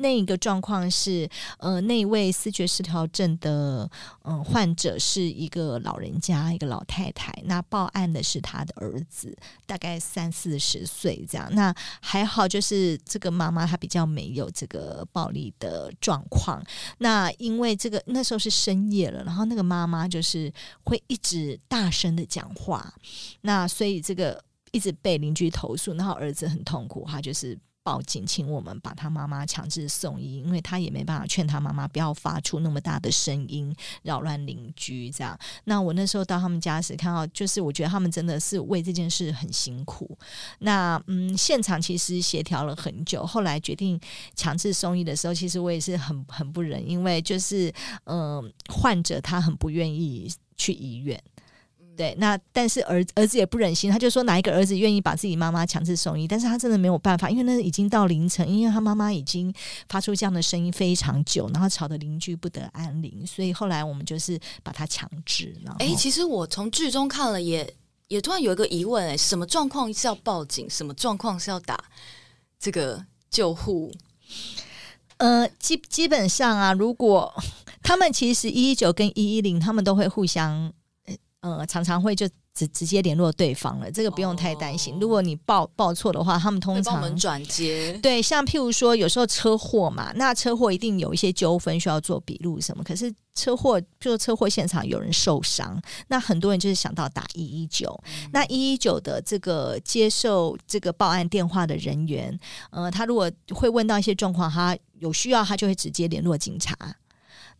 那一個狀況是，呃，那位思覺失調症的嗯、呃、患者是一個老人家，一個老太太。那報案的是她的兒子，大概三四十歲這樣。那還好，就是這個媽媽她比較沒有這個暴力的狀況。那因為這個那時候是深夜了，然後那個媽媽就是會一直大聲的講話，那所以這個一直被鄰居投訴，然後兒子很痛苦，他就是。報警，請我們把他媽媽強制送醫，因為他也沒辦法勸他媽媽不要發出那麼大的聲音，擾亂鄰居這樣。那我那時候到他們家時，看到就是我覺得他們真的是為這件事很辛苦。那嗯，現場其實協調了很久，後來決定強制送醫的時候，其實我也是很很不忍，因為就是嗯、呃，患者他很不願意去醫院。對，那但是兒兒子也不忍心，他就說哪一個兒子願意把自己媽媽強制送醫？但是他真的沒有辦法，因為那已經到凌晨，因為他媽媽已經發出這樣的聲音非常久，然後吵得鄰居不得安寧。所以後來我們就是把他強制。然後，哎、欸，其實我從劇中看了也，也也突然有一個疑問，欸，哎，什麼狀況是要報警？什麼狀況是要打這個救護？呃，基基本上啊，如果他們其實一一九跟一一零，他們都會互相。呃常常會就直直接聯絡對方了，這個不用太擔心。哦、如果你報報錯的話，他們通常轉接。對，像譬如說，有時候車禍嘛，那車禍一定有一些糾紛需要做筆錄什麼。可是車禍，譬如車禍現場有人受傷，那很多人就是想到打一一九。那一一九的這個接受這個報案電話的人員、呃，呃，他如果會問到一些狀況，他有需要，他就會直接聯絡警察。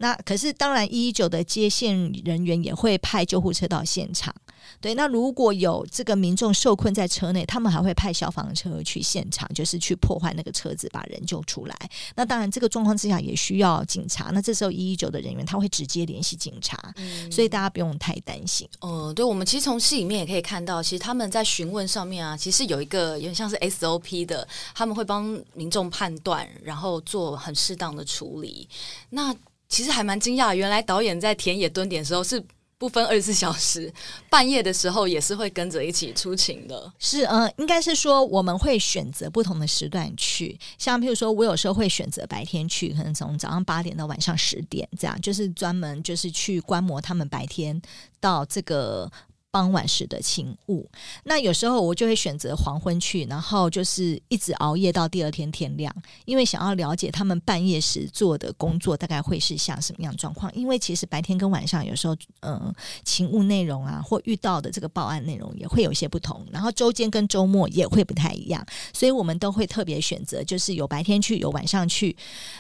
那可是當然，一一九的接線人員也會派救護車到現場。對，那如果有這個民眾受困在車內，他們還會派消防車去現場，就是去破壞那個車子，把人救出來。那當然，這個狀況之下也需要警察。那這時候一一九的人員他會直接聯繫警察，嗯，所以大家不用太擔心。哦，呃，對，我們其實從戲裡面也可以看到，其實他們在詢問上面啊，其實有一個有點像是 SOP 的，他們會幫民眾判斷，然後做很適當的處理。那其實還蠻驚訝，原來導演在田野蹲點的時候是不分二十四小時，半夜的時候也是會跟着一起出勤的。是，嗯，應該是說我們會選擇不同的時段去，像譬如說我有時候會選擇白天去，可能從早上八點到晚上十點這樣，就是專門就是去觀摩他們白天到這個。傍晚時的勤務，那有時候我就會選擇黃昏去，然後就是一直熬夜到第二天天亮，因為想要了解他們半夜時做的工作大概會是像什麼樣狀況。因為其實白天跟晚上有時候，嗯、呃，勤務內容啊，或遇到的這個報案內容也會有些不同。然後週間跟週末也會不太一樣，所以我們都會特別選擇，就是有白天去，有晚上去，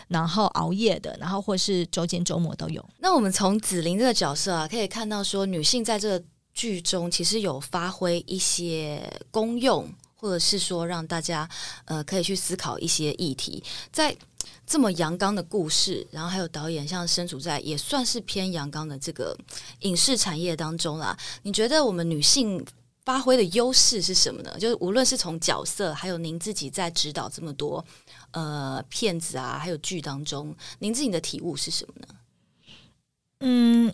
然後熬夜的，然後或是週間週末都有。那我們從子伶這個角色啊，可以看到說女性在這個。劇中其實有發揮一些功用，或者是說讓大家呃可以去思考一些議題。在這麼陽剛的故事，然後還有導演像身處在也算是偏陽剛的這個影視產業當中啦，你覺得我們女性發揮的優勢是什麼呢？就是無論是從角色，還有您自己在指導這麼多呃片子啊，還有劇當中，您自己的體悟是什麼呢？嗯。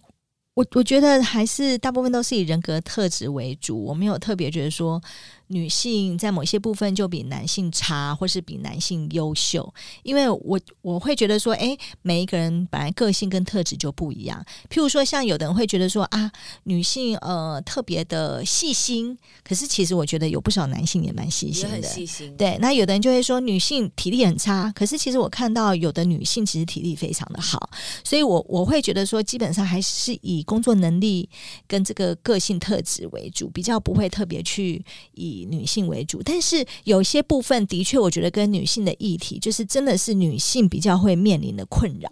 我我覺得還是大部分都是以人格特質為主，我沒有特別覺得說。女性在某些部分就比男性差，或是比男性優秀，因為我我會覺得說，哎、欸，每一個人本來個性跟特質就不一樣。譬如說，像有的人會覺得說，啊，女性呃特別的細心，可是其實我覺得有不少男性也蠻細心的。很細心。對，那有的人就會說，女性體力很差，可是其實我看到有的女性其實體力非常的好，所以我我會覺得說，基本上還是以工作能力跟這個個性特質為主，比較不會特別去以。以女性為主，但是有些部分的確，我覺得跟女性的議題就是真的是女性比較會面臨的困擾。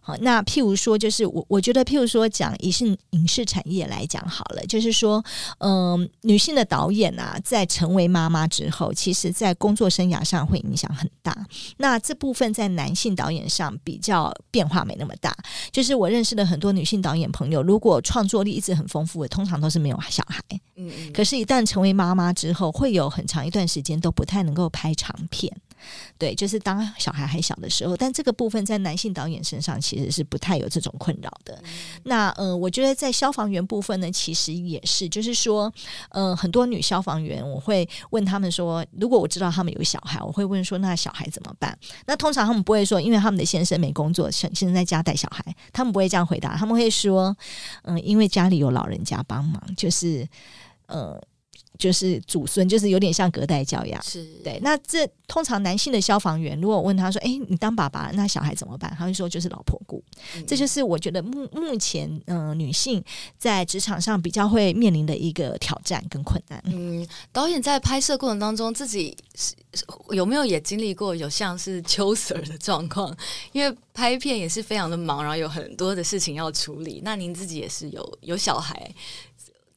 好，那譬如說，就是我我覺得譬如說講影視影視產業來講好了，就是說，嗯、呃，女性的導演啊，在成為媽媽之後，其實在工作生涯上會影響很大。那這部分在男性導演上比較變化沒那麼大。就是我認識的很多女性導演朋友，如果創作力一直很豐富的，通常都是沒有小孩。可是，一旦成為媽媽之後，會有很長一段時間都不太能夠拍長片。對，就是當小孩還小的時候，但這個部分在男性導演身上其實是不太有這種困擾的。嗯嗯那呃，我覺得在消防員部分呢，其實也是，就是說，呃，很多女消防員，我會問他們說，如果我知道他們有小孩，我會問說，那小孩怎麼辦？那通常他們不會說，因為他們的先生沒工作，現現在在家帶小孩，他們不會這樣回答，他們會說，嗯、呃，因為家裡有老人家幫忙，就是。嗯、呃，就是祖孫，就是有點像隔代教養，是對。那這通常男性的消防員，如果問他說：“哎、欸，你當爸爸，那小孩怎麼辦？”他會說：“就是老婆顧。嗯”這就是我覺得目目前，嗯、呃，女性在職場上比較會面臨的一個挑戰跟困難。嗯，導演在拍攝過程當中，自己是有沒有也經歷過有像是秋 r 的狀況？因為拍片也是非常的忙，然後有很多的事情要處理。那您自己也是有有小孩。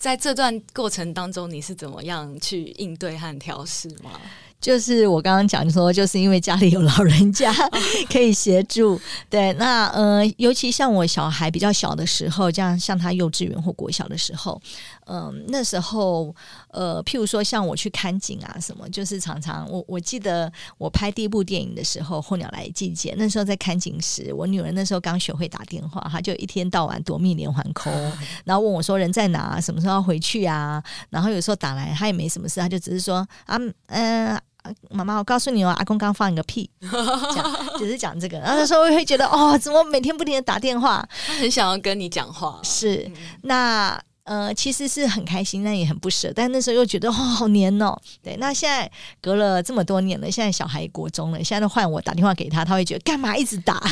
在這段過程當中，你是怎麼樣去應對和調適嗎？就是我剛剛講說，就是因為家裡有老人家 可以協助。對，那呃，尤其像我小孩比較小的時候，這樣像他幼稚園或國小的時候。嗯、呃，那時候，呃，譬如說像我去看景啊，什麼，就是常常我我記得我拍第一部電影的時候，《候鳥來的季節》，那時候在看景時，我女兒那時候剛學會打電話，她就一天到晚奪命連環 call，然後問我說人在哪，什麼時候要回去啊？然後有時候打來，她也沒什麼事，她就只是說啊，嗯，媽、啊、媽，我告訴你哦，阿、啊、公剛放一個屁，只、就是講這個。然後她說我會覺得哦，怎麼每天不停的打電話，很想要跟你講話，是那。呃，其實是很開心，但也很不捨。但那時候又覺得哦，好黏哦。對，那現在隔了這麼多年了，現在小孩國中了，現在都換我打電話給他，他會覺得幹嘛一直打？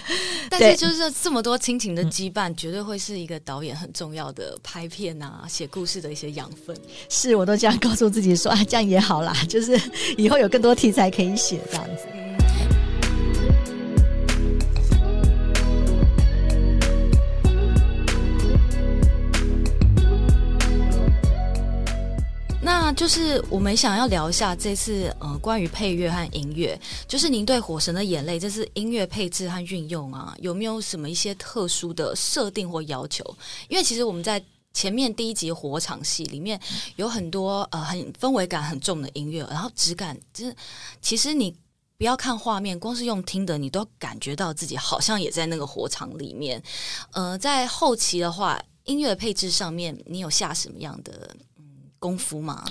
但是就是說這麼多親情的羈絆、嗯，絕對會是一個導演很重要的拍片啊、寫故事的一些養分。是，我都這樣告訴自己說啊，這樣也好啦，就是以後有更多題材可以寫這樣子。那就是我們想要聊一下這次呃，關於配樂和音樂，就是您對《火神的眼淚》這次音樂配置和運用啊，有沒有什麼一些特殊的設定或要求？因為其實我們在前面第一集火場戲裡面有很多呃很氛圍感很重的音樂，然後質感就是其實你不要看畫面，光是用聽的，你都感覺到自己好像也在那個火場裡面。呃，在後期的話，音樂配置上面，你有下什麼樣的？功夫嗎？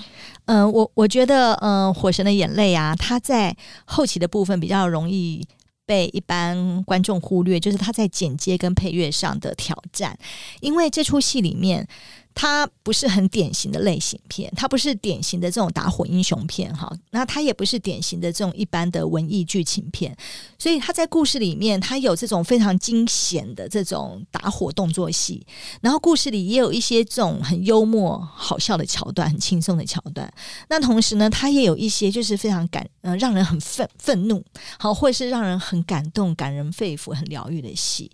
嗯、呃，我我覺得，嗯、呃，《火神的眼淚》啊，它在後期的部分比較容易被一般觀眾忽略，就是它在剪接跟配樂上的挑戰，因為這出戲裡面，它不是很典型的類型片，它不是典型的這種打火英雄片哈，那它也不是典型的這種一般的文藝劇情片，所以它在故事裡面，它有這種非常驚險的這種打火動作戲，然後故事裡也有一些這種很幽默好笑的橋段，很輕鬆的橋段，那同時呢，它也有一些就是非常感嗯、呃、讓人很憤憤怒，好或者是讓人很感動感人肺腑很療癒的戲，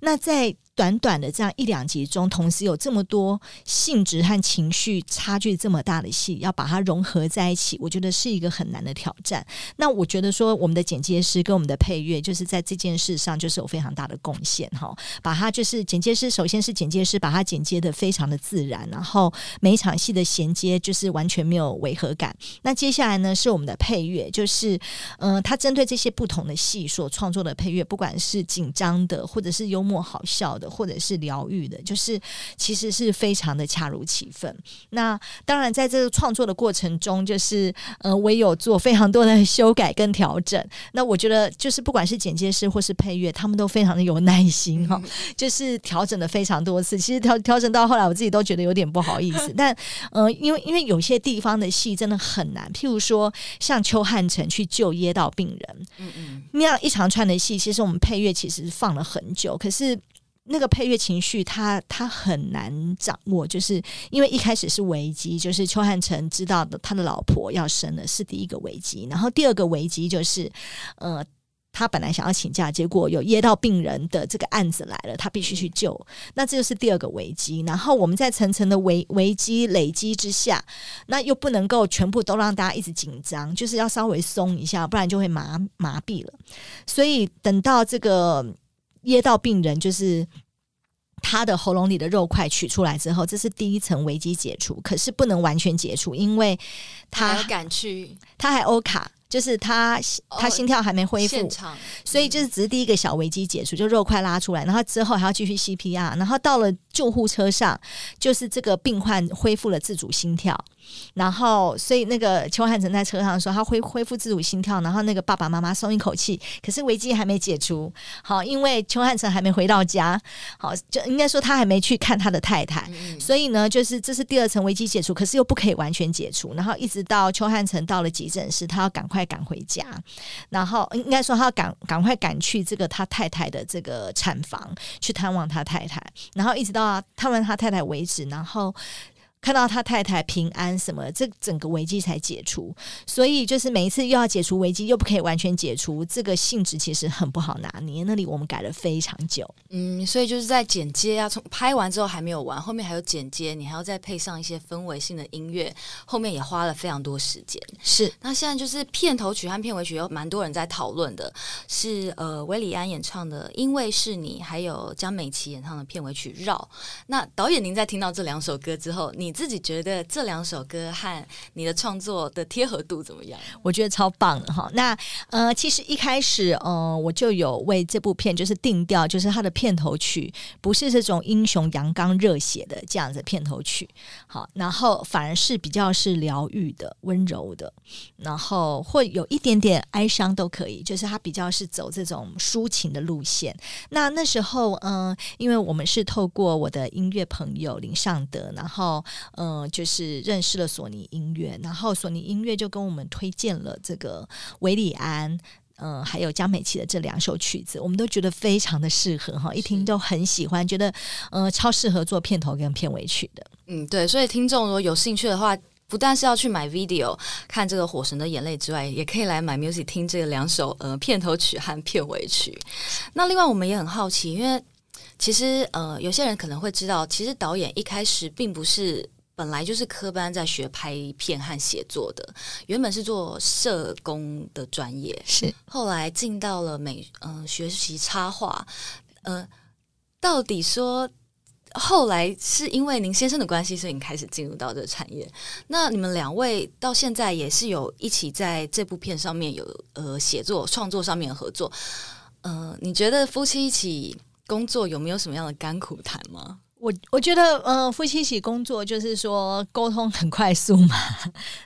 那在。短短的這樣一兩集中，同時有這麼多性質和情緒差距這麼大的戲，要把它融合在一起，我覺得是一個很難的挑戰。那我覺得說，我們的剪接師跟我們的配樂，就是在這件事上就是有非常大的貢獻哈。把它就是剪接師，首先是剪接師把它剪接得非常的自然，然後每一場戲的銜接就是完全沒有違和感。那接下來呢是我們的配樂，就是嗯，他、呃、針對這些不同的戲所創作的配樂，不管是緊張的或者是幽默好笑的。或者是療癒的，就是其實是非常的恰如其分。那當然，在這個創作的過程中，就是呃，我也有做非常多的修改跟調整。那我覺得，就是不管是剪接師或是配樂，他們都非常的有耐心哈、哦嗯嗯，就是調整了非常多次。其實調調整到後來，我自己都覺得有點不好意思。嗯嗯但呃，因為因為有些地方的戲真的很難，譬如說像邱漢成去救噎到病人嗯嗯，那樣一長串的戲，其實我們配樂其實放了很久，可是。那個配樂情緒它，他他很難掌握，就是因為一開始是危機，就是邱漢成知道的，他的老婆要生了，是第一個危機。然後第二個危機就是，呃，他本來想要請假，結果有噎到病人的這個案子來了，他必須去救。那這就是第二個危機。然後我們在層層的危危機累積之下，那又不能夠全部都讓大家一直緊張，就是要稍微鬆一下，不然就會麻麻痹了。所以等到這個。噎到病人，就是他的喉嚨裡的肉塊取出來之後，這是第一層危機解除。可是不能完全解除，因為他還要趕去，他還 OHCA。就是他他心跳還沒恢復，哦，所以就是只是第一個小危機解除，就肉塊拉出來，然後之後還要繼續 CPR，然後到了救護車上，就是這個病患恢復了自主心跳，然後所以那個邱漢成在車上說他恢恢復自主心跳，然後那個爸爸媽媽鬆一口氣，可是危機還沒解除，好，因為邱漢成還沒回到家，好，就應該說他還沒去看他的太太，嗯嗯，所以呢，就是這是第二層危機解除，可是又不可以完全解除，然後一直到邱漢成到了急診室，他要趕快。趕回家，然後應該說他趕趕快趕去這個他太太的這個產房去探望他太太，然後一直到他探完他太太為止，然後。看到他太太平安什麼，這整個危機才解除。所以就是每一次又要解除危機，又不可以完全解除，這個性質其實很不好拿捏。那裡我們改了非常久。嗯，所以就是在剪接啊，從拍完之後還沒有完，後面還有剪接，你還要再配上一些氛圍性的音樂，後面也花了非常多時間。是。那現在就是片頭曲和片尾曲有蠻多人在討論的，是呃，韋禮安演唱的《因為是你》，還有江美琪演唱的片尾曲《繞》。那導演，您在聽到這兩首歌之後，你。你自己覺得這兩首歌和你的創作的貼合度怎麼樣？我覺得超棒的哈。那呃，其實一開始呃，我就有為這部片就是定調，就是它的片頭曲不是這種英雄陽剛熱血的這樣子片頭曲，好，然後反而是比較是療癒的、溫柔的，然後會有一點點哀傷都可以，就是它比較是走這種抒情的路線。那那時候嗯、呃，因為我們是透過我的音樂朋友林尚德，然後。嗯、呃，就是認識了索尼音樂，然後索尼音樂就跟我們推薦了這個韋禮安，嗯、呃，還有江美琪的這兩首曲子，我們都覺得非常的適合哈，一聽都很喜歡，覺得呃超適合做片頭跟片尾曲的。嗯，對，所以聽眾如果有興趣的話，不但是要去 myVideo 看這個《火神的眼淚》之外，也可以來 MyMusic 聽這個兩首呃片頭曲和片尾曲。那另外我們也很好奇，因為。其實，呃，有些人可能會知道，其實導演一開始並不是本來就是科班在學拍片和寫作的，原本是做社工的專業，是後來進到了美，嗯、呃，學習插畫，呃，到底說後來是因為您先生的關係，所以你開始進入到這個產業。那你們兩位到現在也是有一起在這部片上面有呃寫作創作上面合作，呃，你覺得夫妻一起，工作有沒有什麼樣的甘苦談嗎？我我覺得，嗯、呃，夫妻一起工作就是說溝通很快速嘛，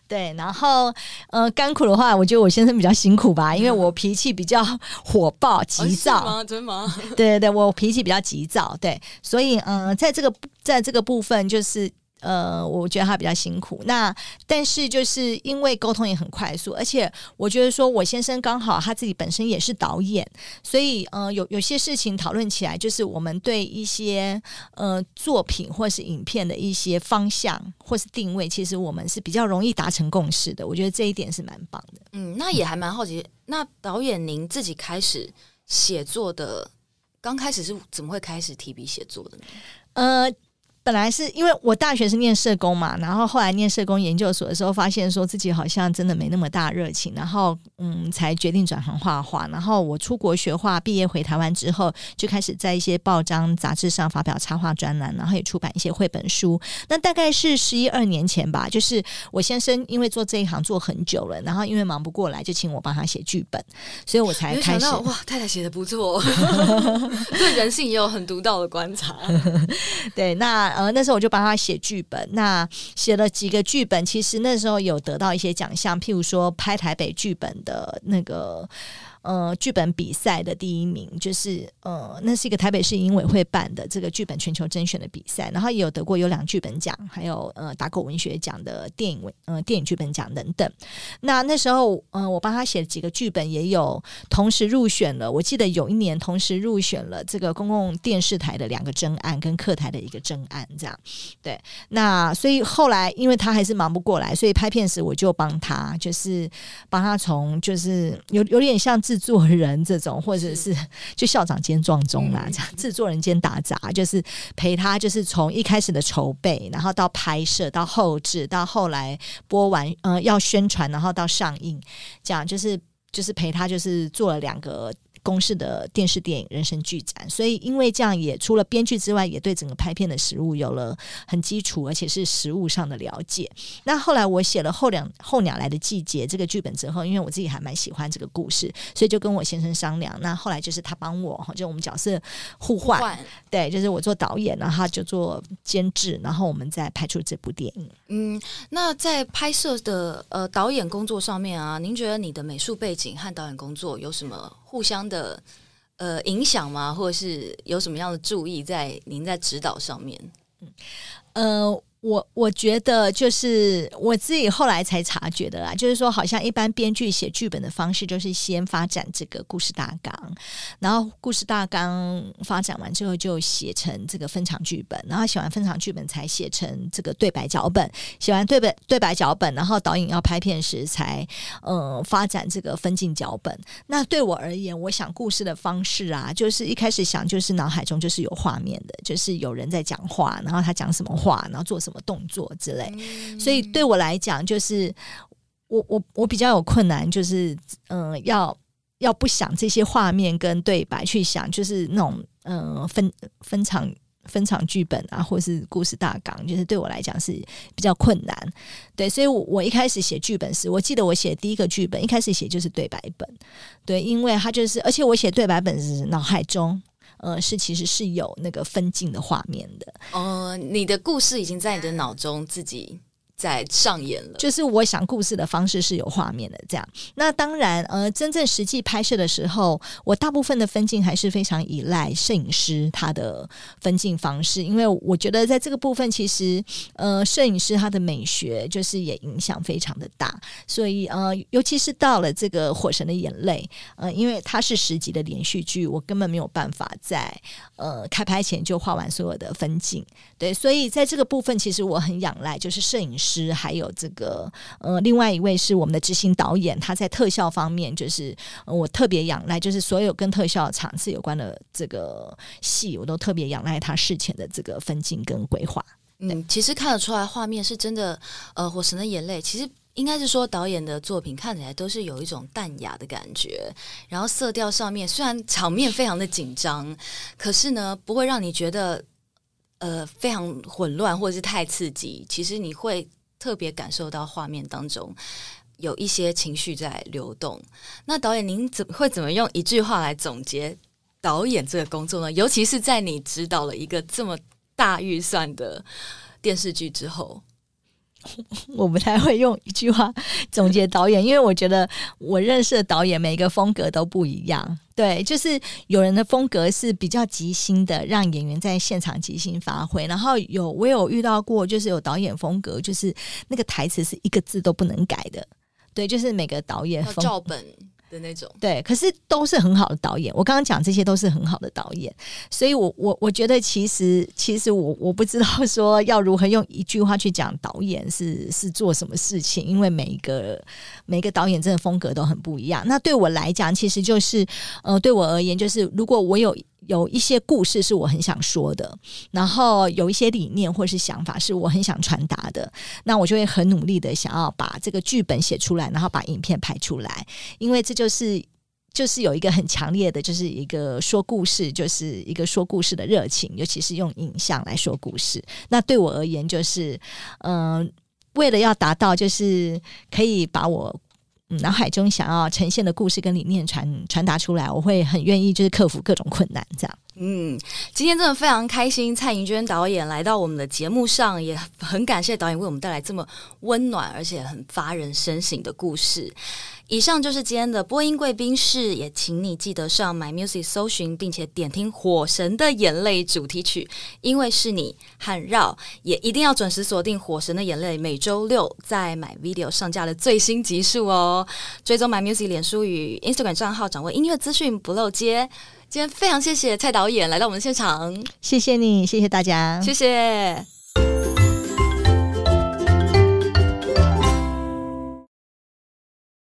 對。然後，嗯、呃，甘苦的話，我覺得我先生比較辛苦吧，因為我脾氣比較火爆， 急躁嘛，哦，真忙。對對對，我脾氣比較急躁，對，所以，嗯、呃，在這個在這個部分就是。呃，我覺得他比較辛苦。那但是就是因為溝通也很快速，而且我覺得說我先生剛好他自己本身也是導演，所以呃，有有些事情討論起來，就是我們對一些呃作品或是影片的一些方向或是定位，其實我們是比較容易達成共識的。我覺得這一點是蠻棒的。嗯，那也還蠻好奇，嗯，那導演您自己開始寫作的，剛開始是怎麼會開始提筆寫作的呢？呃。本來是因為我大學是念社工嘛，然後後來念社工研究所的時候，發現說自己好像真的沒那麼大熱情，然後嗯，才決定轉行畫畫。然後我出國學畫，畢業回台灣之後，就開始在一些報章雜誌上發表插畫專欄，然後也出版一些繪本書。那大概是十一二年前吧，就是我先生因為做這一行做很久了，然後因為忙不過來，就請我幫他寫劇本，所以我才開始。哇，太太寫得不錯， 對人性也有很獨到的觀察。 對，那。呃，那時候我就幫他寫劇本，那寫了幾個劇本，其實那時候有得到一些獎項，譬如說拍台北劇本的那個。呃，劇本比賽的第一名，就是呃，那是一個台北市影委會辦的這個劇本全球甄選的比賽，然後也有得過優良劇本獎，還有呃打狗文學獎的電影文呃電影劇本獎等等。那那時候，嗯、呃，我幫他寫幾個劇本，也有同時入選了。我記得有一年同時入選了這個公共電視台的兩個徵案跟客台的一個徵案，這樣。對，那所以後來因為他還是忙不過來，所以拍片時我就幫他，就是幫他從就是有有點像自製作人這種，或者是就校長兼撞鐘啦，這樣製作人兼打雜，就是陪他，就是從一開始的籌備，然後到拍攝，到後製，到後來播完，嗯、呃，要宣傳，然後到上映，這樣就是就是陪他，就是做了兩個。公視的電視、電影、人生劇展，所以因為這樣也除了編劇之外，也對整個拍片的實務有了很基礎，而且是實務上的了解。那後來我寫了後《候鳥》、《候鳥來的季節》這個劇本之後，因為我自己還蠻喜歡這個故事，所以就跟我先生商量。那後來就是他幫我哈，就我們角色互換，對，就是我做導演，然後他就做監制，然後我們再拍出這部電影。嗯，那在拍攝的呃導演工作上面啊，您覺得你的美術背景和導演工作有什麼？互相的呃影響嗎？或者是有什麼樣的注意在您在指導上面？嗯，呃。我我覺得就是我自己後來才察覺的啦，就是說好像一般編劇寫劇本的方式，就是先發展這個故事大綱，然後故事大綱發展完之後，就寫成這個分場劇本，然後寫完分場劇本才寫成這個對白腳本，寫完對白對白腳本，然後導演要拍片時才嗯、呃、發展這個分鏡腳本。那對我而言，我想故事的方式啊，就是一開始想就是腦海中就是有畫面的，就是有人在講話，然後他講什麼話，然後做什麼。動作之類，所以對我來講，就是我我我比較有困難，就是嗯、呃，要要不想這些畫面跟對白去想，就是那種嗯、呃、分分場分場劇本啊，或是故事大綱，就是對我來講是比較困難。對，所以我我一開始寫劇本時，我記得我寫第一個劇本，一開始寫就是對白本，對，因為他就是，而且我寫對白本是腦海中。呃，是其實是有那個分鏡的畫面的。呃，你的故事已經在你的腦中、嗯、自己，在上演了，就是我想故事的方式是有畫面的這樣。那當然，呃，真正實際拍攝的時候，我大部分的分鏡還是非常依賴攝影師他的分鏡方式，因為我覺得在這個部分，其實呃，攝影師他的美學就是也影響非常的大。所以呃，尤其是到了這個《火神的眼淚》，呃，因為它是十集的連續劇，我根本沒有辦法在呃開拍前就畫完所有的分鏡。對，所以在這個部分，其實我很仰賴就是攝影。師還有這個呃，另外一位是我們的執行導演，他在特效方面，就是、呃、我特別仰賴，就是所有跟特效場次有關的這個戲，我都特別仰賴他事前的這個分鏡跟規劃。嗯，其實看得出來，畫面是真的。呃，《火神的眼淚》其實應該是說，導演的作品看起來都是有一種淡雅的感覺，然後色調上面雖然場面非常的緊張，可是呢不會讓你覺得呃非常混亂或者是太刺激。其實你會。特別感受到畫面當中有一些情緒在流動。那導演，您怎會怎麼用一句話來總結導演這個工作呢？尤其是在你指導了一個這麼大預算的電視劇之後。 我不太會用一句話總結導演，因為我覺得我認識的導演每一個風格都不一樣。對，就是有人的風格是比較即興的，讓演員在現場即興發揮。然後有我有遇到過，就是有導演風格，就是那個台詞是一個字都不能改的。對，就是每個導演照本。的那種對，可是都是很好的導演。我剛剛講這些都是很好的導演，所以我我我覺得其實其實我我不知道說要如何用一句話去講導演是是做什麼事情，因為每一個每一個導演真的風格都很不一樣。那對我來講，其實就是呃，對我而言就是如果我有。有一些故事是我很想說的，然後有一些理念或是想法是我很想傳達的，那我就會很努力的想要把這個劇本寫出來，然後把影片拍出來，因為這就是就是有一個很強烈的，就是一個說故事，就是一個說故事的熱情，尤其是用影像來說故事。那對我而言，就是嗯、呃，為了要達到，就是可以把我。嗯，腦海中想要呈現的故事跟理念傳傳達出來，我會很願意就是克服各種困難這樣。嗯，今天真的非常開心，蔡銀娟導演來到我們的節目上，也很感謝導演為我們帶來這麼溫暖而且很發人深省的故事。以上就是今天的播音貴賓室，也請你記得上 My Music 搜尋並且點聽《火神的眼淚》主題曲，因為是你喊繞，也一定要準時鎖定《火神的眼淚》每周六在 My Video 上架的最新集數哦。追蹤 My Music 臉書與 Instagram 賬號，掌握音樂資訊不漏接。今天非常謝謝蔡導演來到我們的現場，謝謝你，謝謝大家，謝謝。